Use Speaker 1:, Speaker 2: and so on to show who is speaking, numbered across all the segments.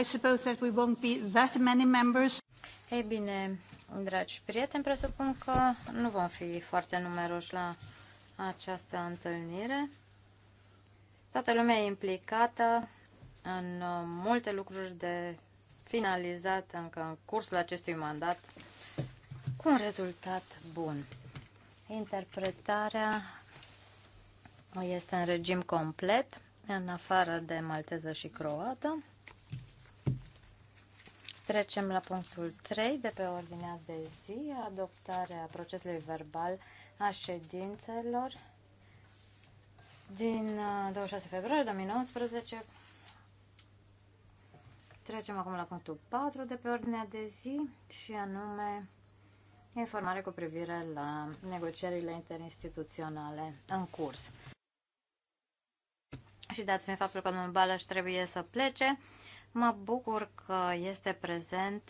Speaker 1: I suppose that we won't be that many members. Ei bine, dragi prieteni, presupun că nu vom fi foarte numeroși la această întâlnire. Toată lumea e implicată în uh, multe lucruri de finalizat încă în cursul acestui mandat cu un rezultat bun. Interpretarea este în regim complet, în afară de malteză și croată. Trecem la punctul 3 de pe ordinea de zi, adoptarea procesului verbal a ședințelor din 26 uh, februarie 2019. Trecem acum la punctul 4 de pe ordinea de zi și anume informare cu privire la negocierile interinstituționale în curs. Și dat fiind faptul că domnul Balaș trebuie să plece, Mă bucur că este prezent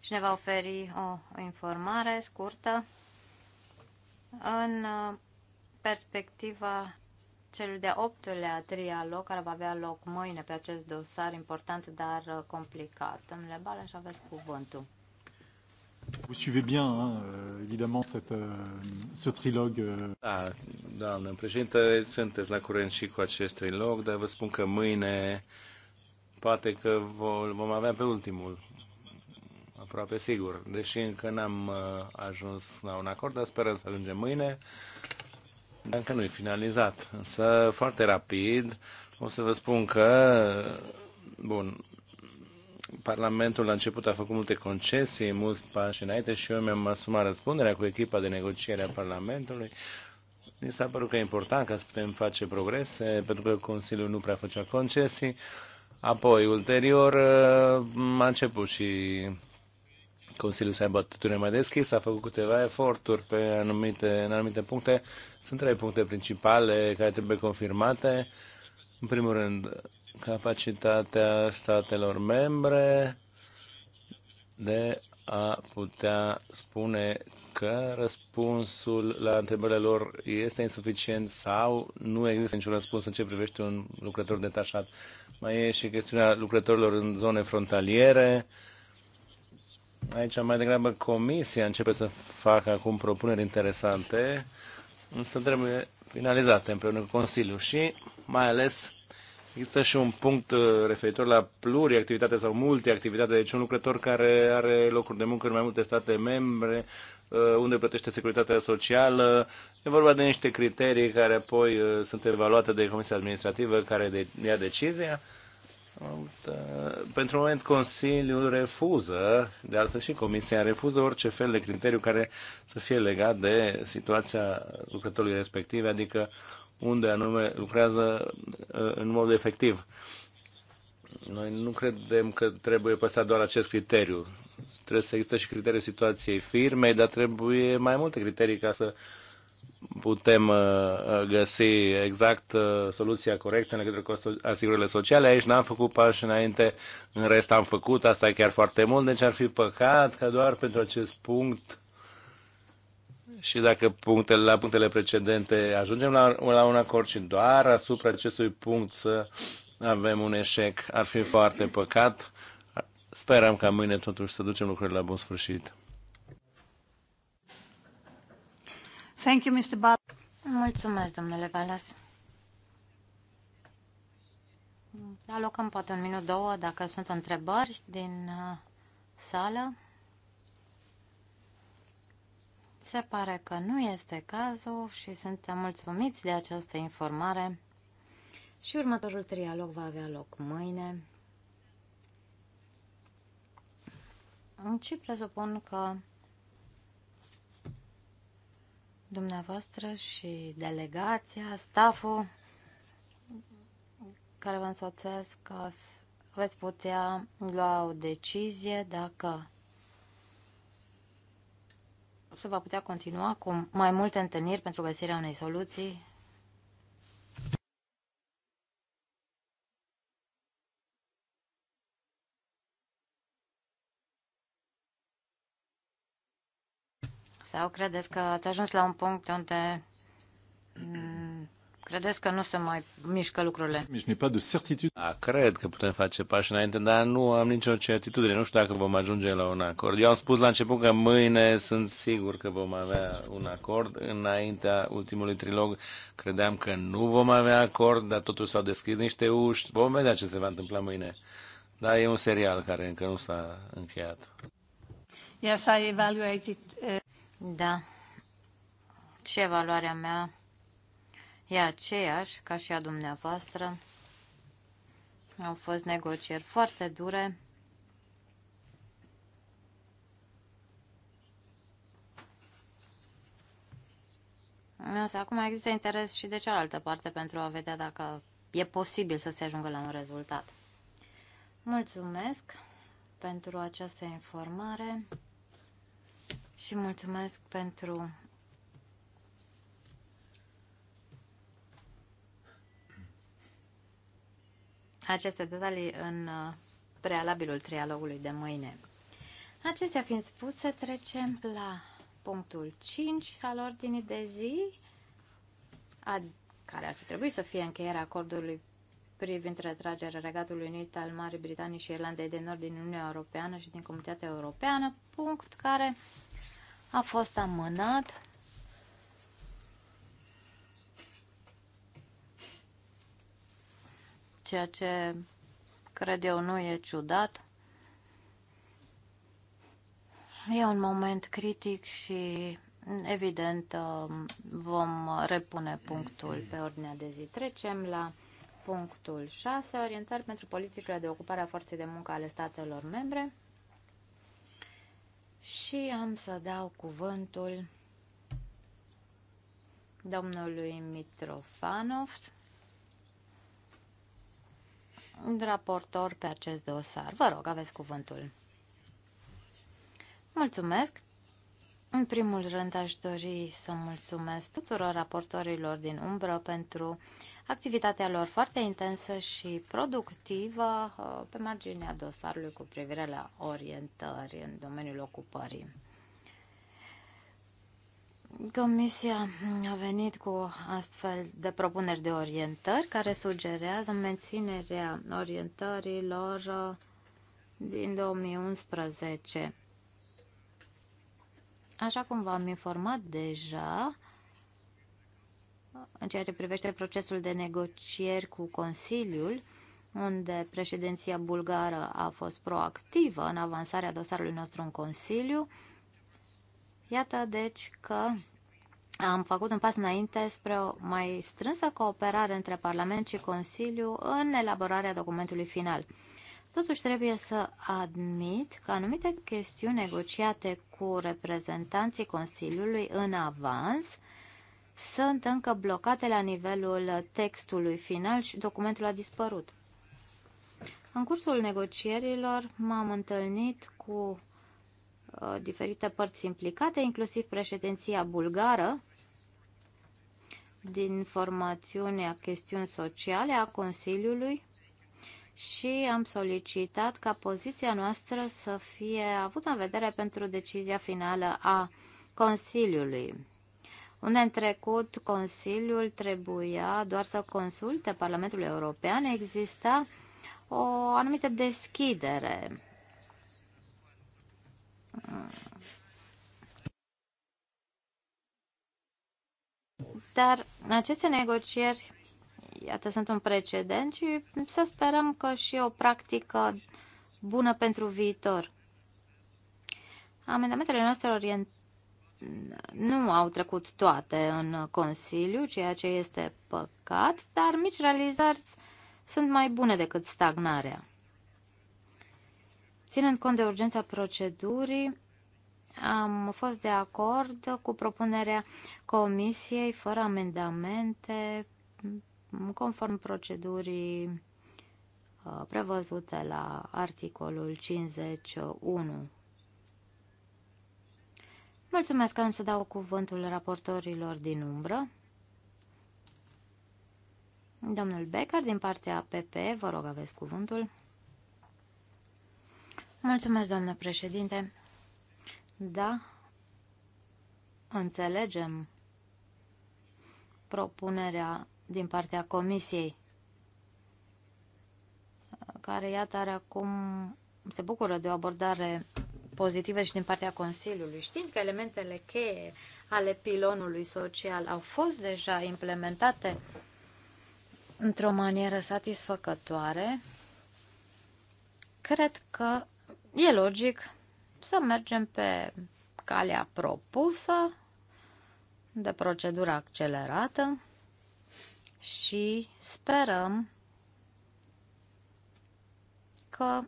Speaker 1: și ne va oferi o informare scurtă în uh, perspectiva celui de-a optulea trialog care va avea loc mâine pe acest dosar important, dar uh, complicat. Domnule Baleș, aveți cuvântul.
Speaker 2: Vous suivez bien, hein, euh, évidemment, cette, euh, ce trilogue. Euh. Da, doamnă președinte, sunteți la curent și cu acest trilog, dar vă spun că mâine poate că vom avea pe ultimul, aproape sigur. Deși încă n-am uh, ajuns la un acord, dar sperăm să ajungem mâine. Dar încă nu e finalizat. Însă, foarte rapid, o să vă spun că, bun, Parlamentul la început a făcut multe concesii, mulți pași înainte și eu mi-am asumat răspunderea cu echipa de negociere a Parlamentului. Mi s-a părut că e important ca să putem face progrese, pentru că Consiliul nu prea făcea concesii. Apoi, ulterior, uh, a început și Consiliul să aibă atitudine mai deschisă, a făcut câteva eforturi pe anumite, în anumite puncte. Sunt trei puncte principale care trebuie confirmate. În primul rând, capacitatea statelor membre de a putea spune că răspunsul la întrebările lor este insuficient sau nu există niciun răspuns în ce privește un lucrător detașat. Mai e și chestiunea lucrătorilor în zone frontaliere. Aici mai degrabă comisia începe să facă acum propuneri interesante, însă trebuie finalizate împreună cu Consiliul și mai ales Există și un punct uh, referitor la pluriactivitate sau multiactivitate, deci un lucrător care are locuri de muncă în mai multe state membre, uh, unde plătește securitatea socială. E vorba de niște criterii care apoi uh, sunt evaluate de Comisia Administrativă care ia decizia. Pentru moment Consiliul refuză, de altfel și Comisia refuză orice fel de criteriu care să fie legat de situația lucrătorului respectiv, adică unde anume lucrează Uh, în mod efectiv. Noi nu credem că trebuie păstrat doar acest criteriu. Trebuie să există și criteriul situației firmei, dar trebuie mai multe criterii ca să putem uh, uh, găsi exact soluția corectă în legătură cu asigurările sociale. Aici n-am făcut pași înainte, în rest am făcut, asta e chiar foarte mult, deci ar fi păcat ca doar pentru acest punct și dacă punctele, la punctele precedente ajungem la, la un acord și doar asupra acestui punct să avem un eșec, ar fi foarte păcat. Sperăm ca mâine totuși să ducem lucrurile la bun sfârșit.
Speaker 1: Thank you, Mr. Bal Mulțumesc, domnule Balas. Alocăm poate un minut, două, dacă sunt întrebări din uh, sală. Se pare că nu este cazul și suntem mulțumiți de această informare. Și următorul trialog va avea loc mâine. Și presupun că dumneavoastră și delegația, staful care vă însoțesc, veți putea lua o decizie dacă se va putea continua cu mai multe întâlniri pentru găsirea unei soluții Sau credeți că ați ajuns la un punct unde Credeți că nu se mai mișcă lucrurile?
Speaker 2: A, da, cred că putem face pași înainte, dar nu am nicio certitudine. Nu știu dacă vom ajunge la un acord. Eu am spus la început că mâine sunt sigur că vom avea un acord. Înaintea ultimului trilog credeam că nu vom avea acord, dar totuși s-au deschis niște uși. Vom vedea ce se va întâmpla mâine. Dar e un serial care încă nu s-a încheiat.
Speaker 1: Yes, I evaluated. Uh, da. Ce evaluarea mea e aceeași ca și a dumneavoastră. Au fost negocieri foarte dure. Însă acum există interes și de cealaltă parte pentru a vedea dacă e posibil să se ajungă la un rezultat. Mulțumesc pentru această informare și mulțumesc pentru aceste detalii în uh, prealabilul trialogului de mâine. Acestea fiind spuse, trecem la punctul 5 al ordinii de zi, a, care ar fi trebuit să fie încheierea acordului privind retragerea Regatului Unit al Marii Britanii și Irlandei de Nord din Uniunea Europeană și din Comunitatea Europeană, punct care a fost amânat ceea ce cred eu nu e ciudat. E un moment critic și evident vom repune punctul pe ordinea de zi. Trecem la punctul 6, orientări pentru politicile de ocupare a forței de muncă ale statelor membre. Și am să dau cuvântul domnului Mitrofanov, raportor pe acest dosar. Vă rog, aveți cuvântul. Mulțumesc! În primul rând aș dori să mulțumesc tuturor raportorilor din umbră pentru activitatea lor foarte intensă și productivă uh, pe marginea dosarului cu privire la orientări în domeniul ocupării. Comisia a venit cu astfel de propuneri de orientări care sugerează menținerea orientărilor uh, din 2011. Așa cum v-am informat deja, în ceea ce privește procesul de negocieri cu Consiliul, unde președinția bulgară a fost proactivă în avansarea dosarului nostru în Consiliu, Iată, deci, că am făcut un pas înainte spre o mai strânsă cooperare între Parlament și Consiliu în elaborarea documentului final. Totuși trebuie să admit că anumite chestiuni negociate cu reprezentanții Consiliului în avans sunt încă blocate la nivelul textului final și documentul a dispărut. În cursul negocierilor m-am întâlnit cu Uh, diferite părți implicate, inclusiv președinția bulgară din formațiunea chestiuni sociale a Consiliului și am solicitat ca poziția noastră să fie avută în vedere pentru decizia finală a Consiliului unde în trecut Consiliul trebuia doar să consulte Parlamentul European, exista o anumită deschidere dar aceste negocieri, iată, sunt un precedent și să sperăm că și o practică bună pentru viitor. Amendamentele noastre orientate nu au trecut toate în Consiliu, ceea ce este păcat, dar mici realizări sunt mai bune decât stagnarea. Ținând cont de urgența procedurii, am fost de acord cu propunerea comisiei fără amendamente, conform procedurii uh, prevăzute la articolul 51. Mulțumesc că am să dau cuvântul raportorilor din umbră. Domnul Becker, din partea PP, vă rog aveți cuvântul. Mulțumesc, doamnă președinte. Da, înțelegem propunerea din partea Comisiei, care, iată, are acum, se bucură de o abordare pozitivă și din partea Consiliului, știind că elementele cheie ale pilonului social au fost deja implementate într-o manieră satisfăcătoare, cred că E logic să mergem pe calea propusă de procedura accelerată și sperăm că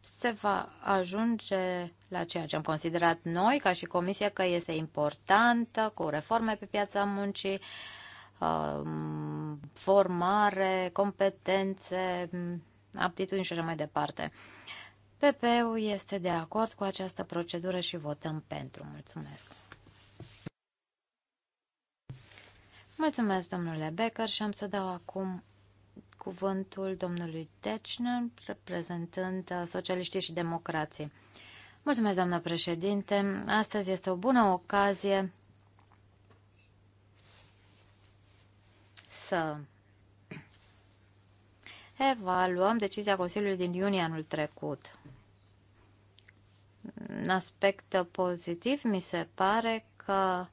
Speaker 1: se va ajunge la ceea ce am considerat noi ca și comisie că este importantă cu reforme pe piața muncii, um, formare, competențe, aptitudini și așa mai departe. PP-ul este de acord cu această procedură și votăm pentru. Mulțumesc! Mulțumesc, domnule Becker, și am să dau acum cuvântul domnului Decner, reprezentând uh, socialiștii și democrații. Mulțumesc, doamnă președinte. Astăzi este o bună ocazie să evaluăm decizia Consiliului din iunie anul trecut. În aspect pozitiv, mi se pare că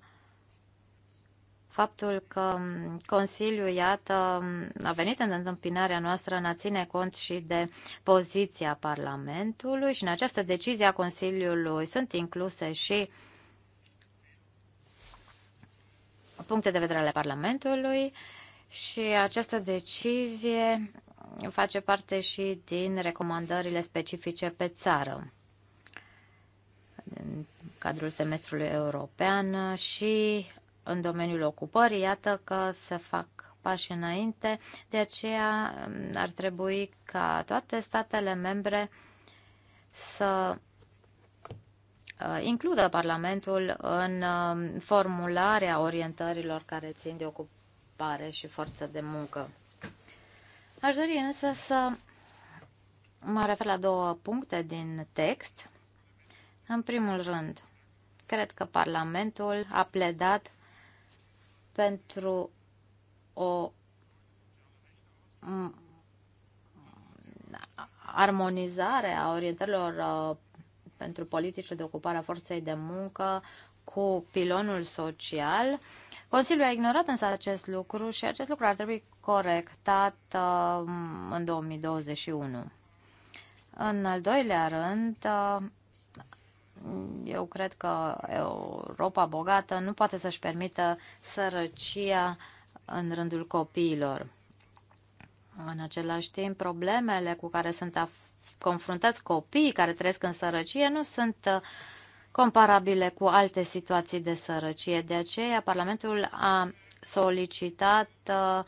Speaker 1: faptul că Consiliul, iată, a venit în întâmpinarea noastră în a ține cont și de poziția Parlamentului și în această decizie a Consiliului sunt incluse și puncte de vedere ale Parlamentului și această decizie face parte și din recomandările specifice pe țară în cadrul semestrului european și în domeniul ocupării, iată că se fac pași înainte, de aceea mm, ar trebui ca toate statele membre să uh, includă Parlamentul în um, formularea orientărilor care țin de ocupare și forță de muncă. Aș dori însă să mă refer la două puncte din text. În primul rând, cred că Parlamentul a pledat pentru o armonizare a orientărilor uh, pentru politici de ocupare a forței de muncă cu pilonul social Consiliul a ignorat însă acest lucru și acest lucru ar trebui corectat uh, în 2021. În al doilea rând, uh, eu cred că Europa bogată nu poate să-și permită sărăcia în rândul copiilor. În același timp, problemele cu care sunt confruntați copiii care trăiesc în sărăcie nu sunt uh, comparabile cu alte situații de sărăcie. De aceea, Parlamentul a solicitat uh,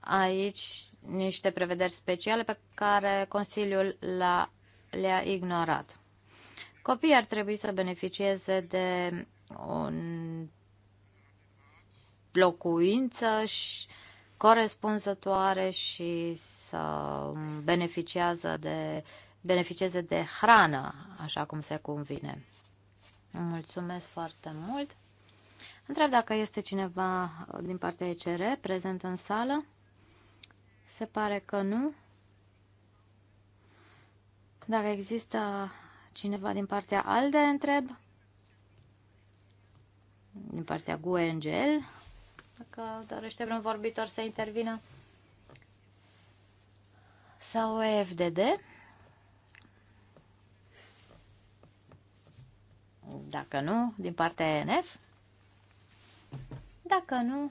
Speaker 1: aici niște prevederi speciale pe care Consiliul le-a ignorat. Copiii ar trebui să beneficieze de un locuință și corespunzătoare și să beneficieze de, beneficieze de hrană, așa cum se convine. Mulțumesc foarte mult. Întreb dacă este cineva din partea ECR prezent în sală. Se pare că nu. Dacă există cineva din partea ALDE, întreb. Din partea GUE Angel. Dacă dorește vreun vorbitor să intervină. Sau EFDD. Dacă nu, din partea ENF? Dacă nu,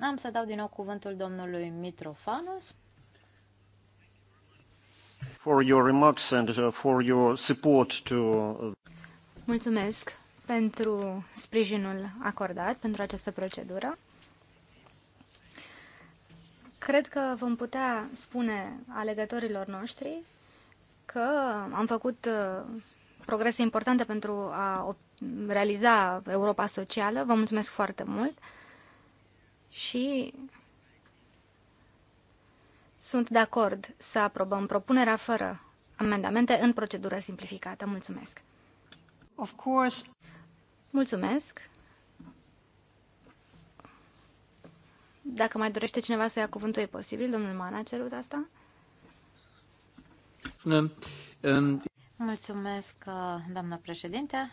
Speaker 1: am să dau din nou cuvântul domnului Mitrofanus.
Speaker 3: For your remarks and uh, for your support to... Uh,
Speaker 1: Mulțumesc
Speaker 3: pentru sprijinul acordat pentru această procedură. Cred că vom putea spune alegătorilor noștri că am făcut uh, progrese importante pentru a realiza Europa socială. Vă mulțumesc foarte mult și sunt de acord să aprobăm propunerea fără amendamente în procedură simplificată. Mulțumesc! Of course. Mulțumesc! Dacă mai dorește cineva să ia cuvântul, e posibil? Domnul Mana a cerut asta? Um,
Speaker 1: Mulțumesc, uh, doamnă președinte.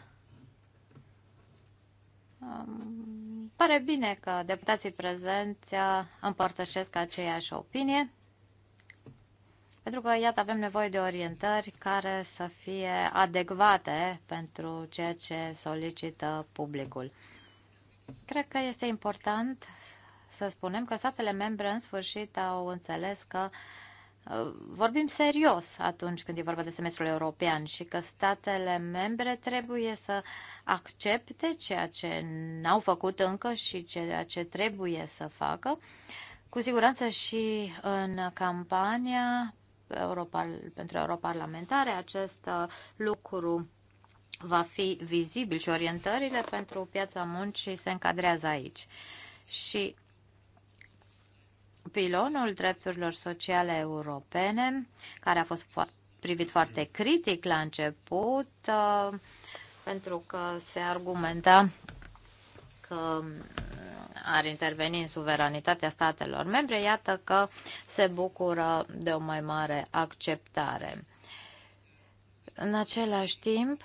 Speaker 1: Um, pare bine că deputații prezenți uh, împărtășesc aceeași opinie, pentru că, iată, avem nevoie de orientări care să fie adecvate pentru ceea ce solicită publicul. Cred că este important să spunem că statele membre, în sfârșit, au înțeles că uh, Uh, vorbim serios atunci când e vorba de semestrul european și că statele membre trebuie să accepte ceea ce n-au făcut încă și ceea ce trebuie să facă. Cu siguranță și în campania pentru europarlamentare acest uh, lucru va fi vizibil și orientările pentru piața muncii se încadrează aici. Și pilonul drepturilor sociale europene, care a fost privit foarte critic la început, uh, pentru că se argumenta că ar interveni în suveranitatea statelor membre, iată că se bucură de o mai mare acceptare. În același timp,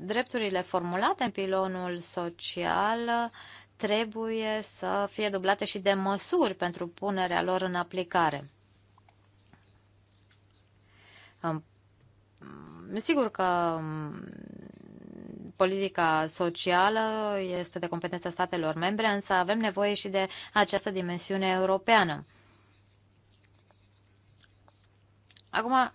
Speaker 1: drepturile formulate în pilonul social trebuie să fie dublate și de măsuri pentru punerea lor în aplicare. Sigur că mm, politica socială este de competența statelor membre, însă avem nevoie și de această dimensiune europeană. Acum,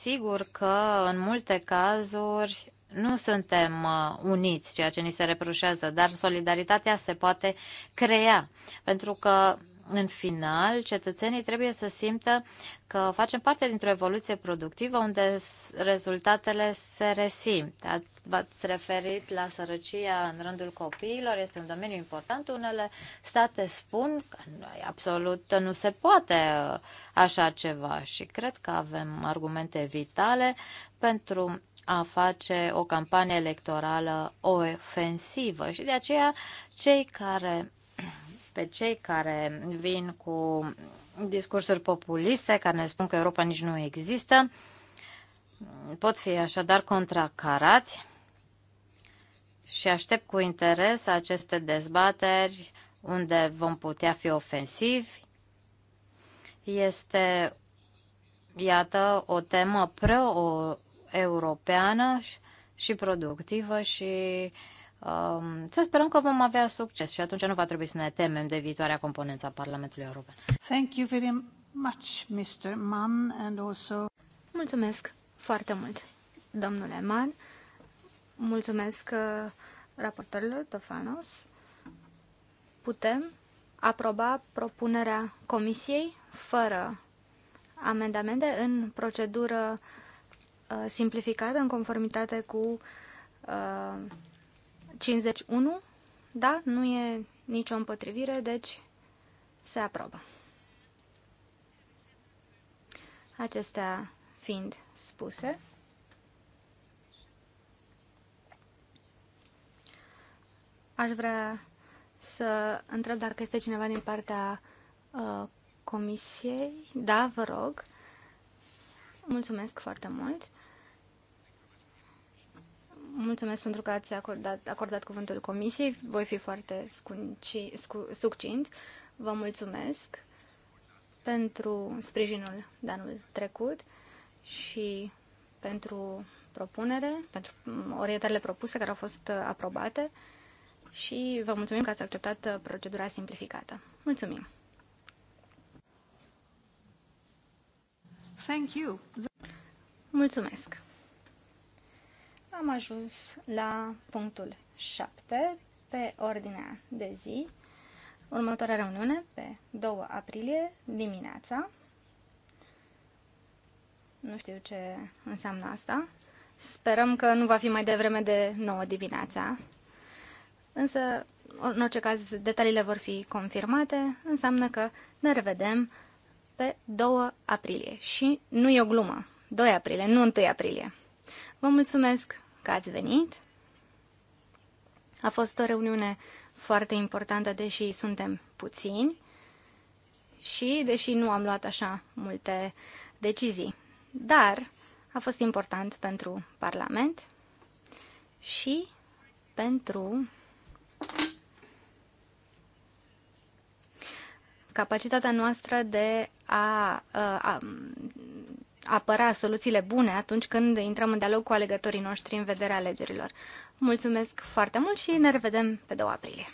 Speaker 1: sigur că în multe cazuri nu suntem uh, uniți, ceea ce ni se reproșează, dar solidaritatea se poate crea, pentru că în final, cetățenii trebuie să simtă că facem parte dintr-o evoluție productivă unde rezultatele se resimt. V-ați referit la sărăcia în rândul copiilor, este un domeniu important. Unele state spun că absolut nu se poate uh, așa ceva și cred că avem argumente vitale pentru a face o campanie electorală ofensivă și de aceea cei care pe cei care vin cu discursuri populiste care ne spun că Europa nici nu există pot fi așadar contracarați și aștept cu interes aceste dezbateri unde vom putea fi ofensivi. Este, iată, o temă pro europeană și productivă și um, să sperăm că vom avea succes și atunci nu va trebui să ne temem de viitoarea componență a Parlamentului European.
Speaker 3: Thank you very much, Mr. Mann, and also... Mulțumesc foarte mult, domnule Mann. Mulțumesc uh, raportorilor Tofanos. Putem aproba propunerea Comisiei fără amendamente în procedură Uh, simplificată în conformitate cu 51. Uh, da, nu e nicio împotrivire, deci se aprobă. Acestea fiind spuse, aș vrea să întreb dacă este cineva din partea uh, comisiei. Da, vă rog. Mulțumesc foarte mult. Mulțumesc pentru că ați acordat, acordat cuvântul comisiei. Voi fi foarte scunci, scu, succint. Vă mulțumesc pentru sprijinul de anul trecut și pentru propunere, pentru orientările propuse care au fost aprobate și vă mulțumim că ați acceptat procedura simplificată. Mulțumim! Thank you. Mulțumesc! am ajuns la punctul 7 pe ordinea de zi. Următoarea reuniune pe 2 aprilie dimineața. Nu știu ce înseamnă asta. Sperăm că nu va fi mai devreme de 9 dimineața. Însă, în orice caz, detaliile vor fi confirmate. Înseamnă că ne revedem pe 2 aprilie. Și nu e o glumă. 2 aprilie, nu 1 aprilie. Vă mulțumesc! că ați venit. A fost o reuniune foarte importantă, deși suntem puțini și deși nu am luat așa multe decizii. Dar a fost important pentru Parlament și pentru capacitatea noastră de a, a, a apăra soluțiile bune atunci când intrăm în dialog cu alegătorii noștri în vederea alegerilor. Mulțumesc foarte mult și ne revedem pe 2 aprilie.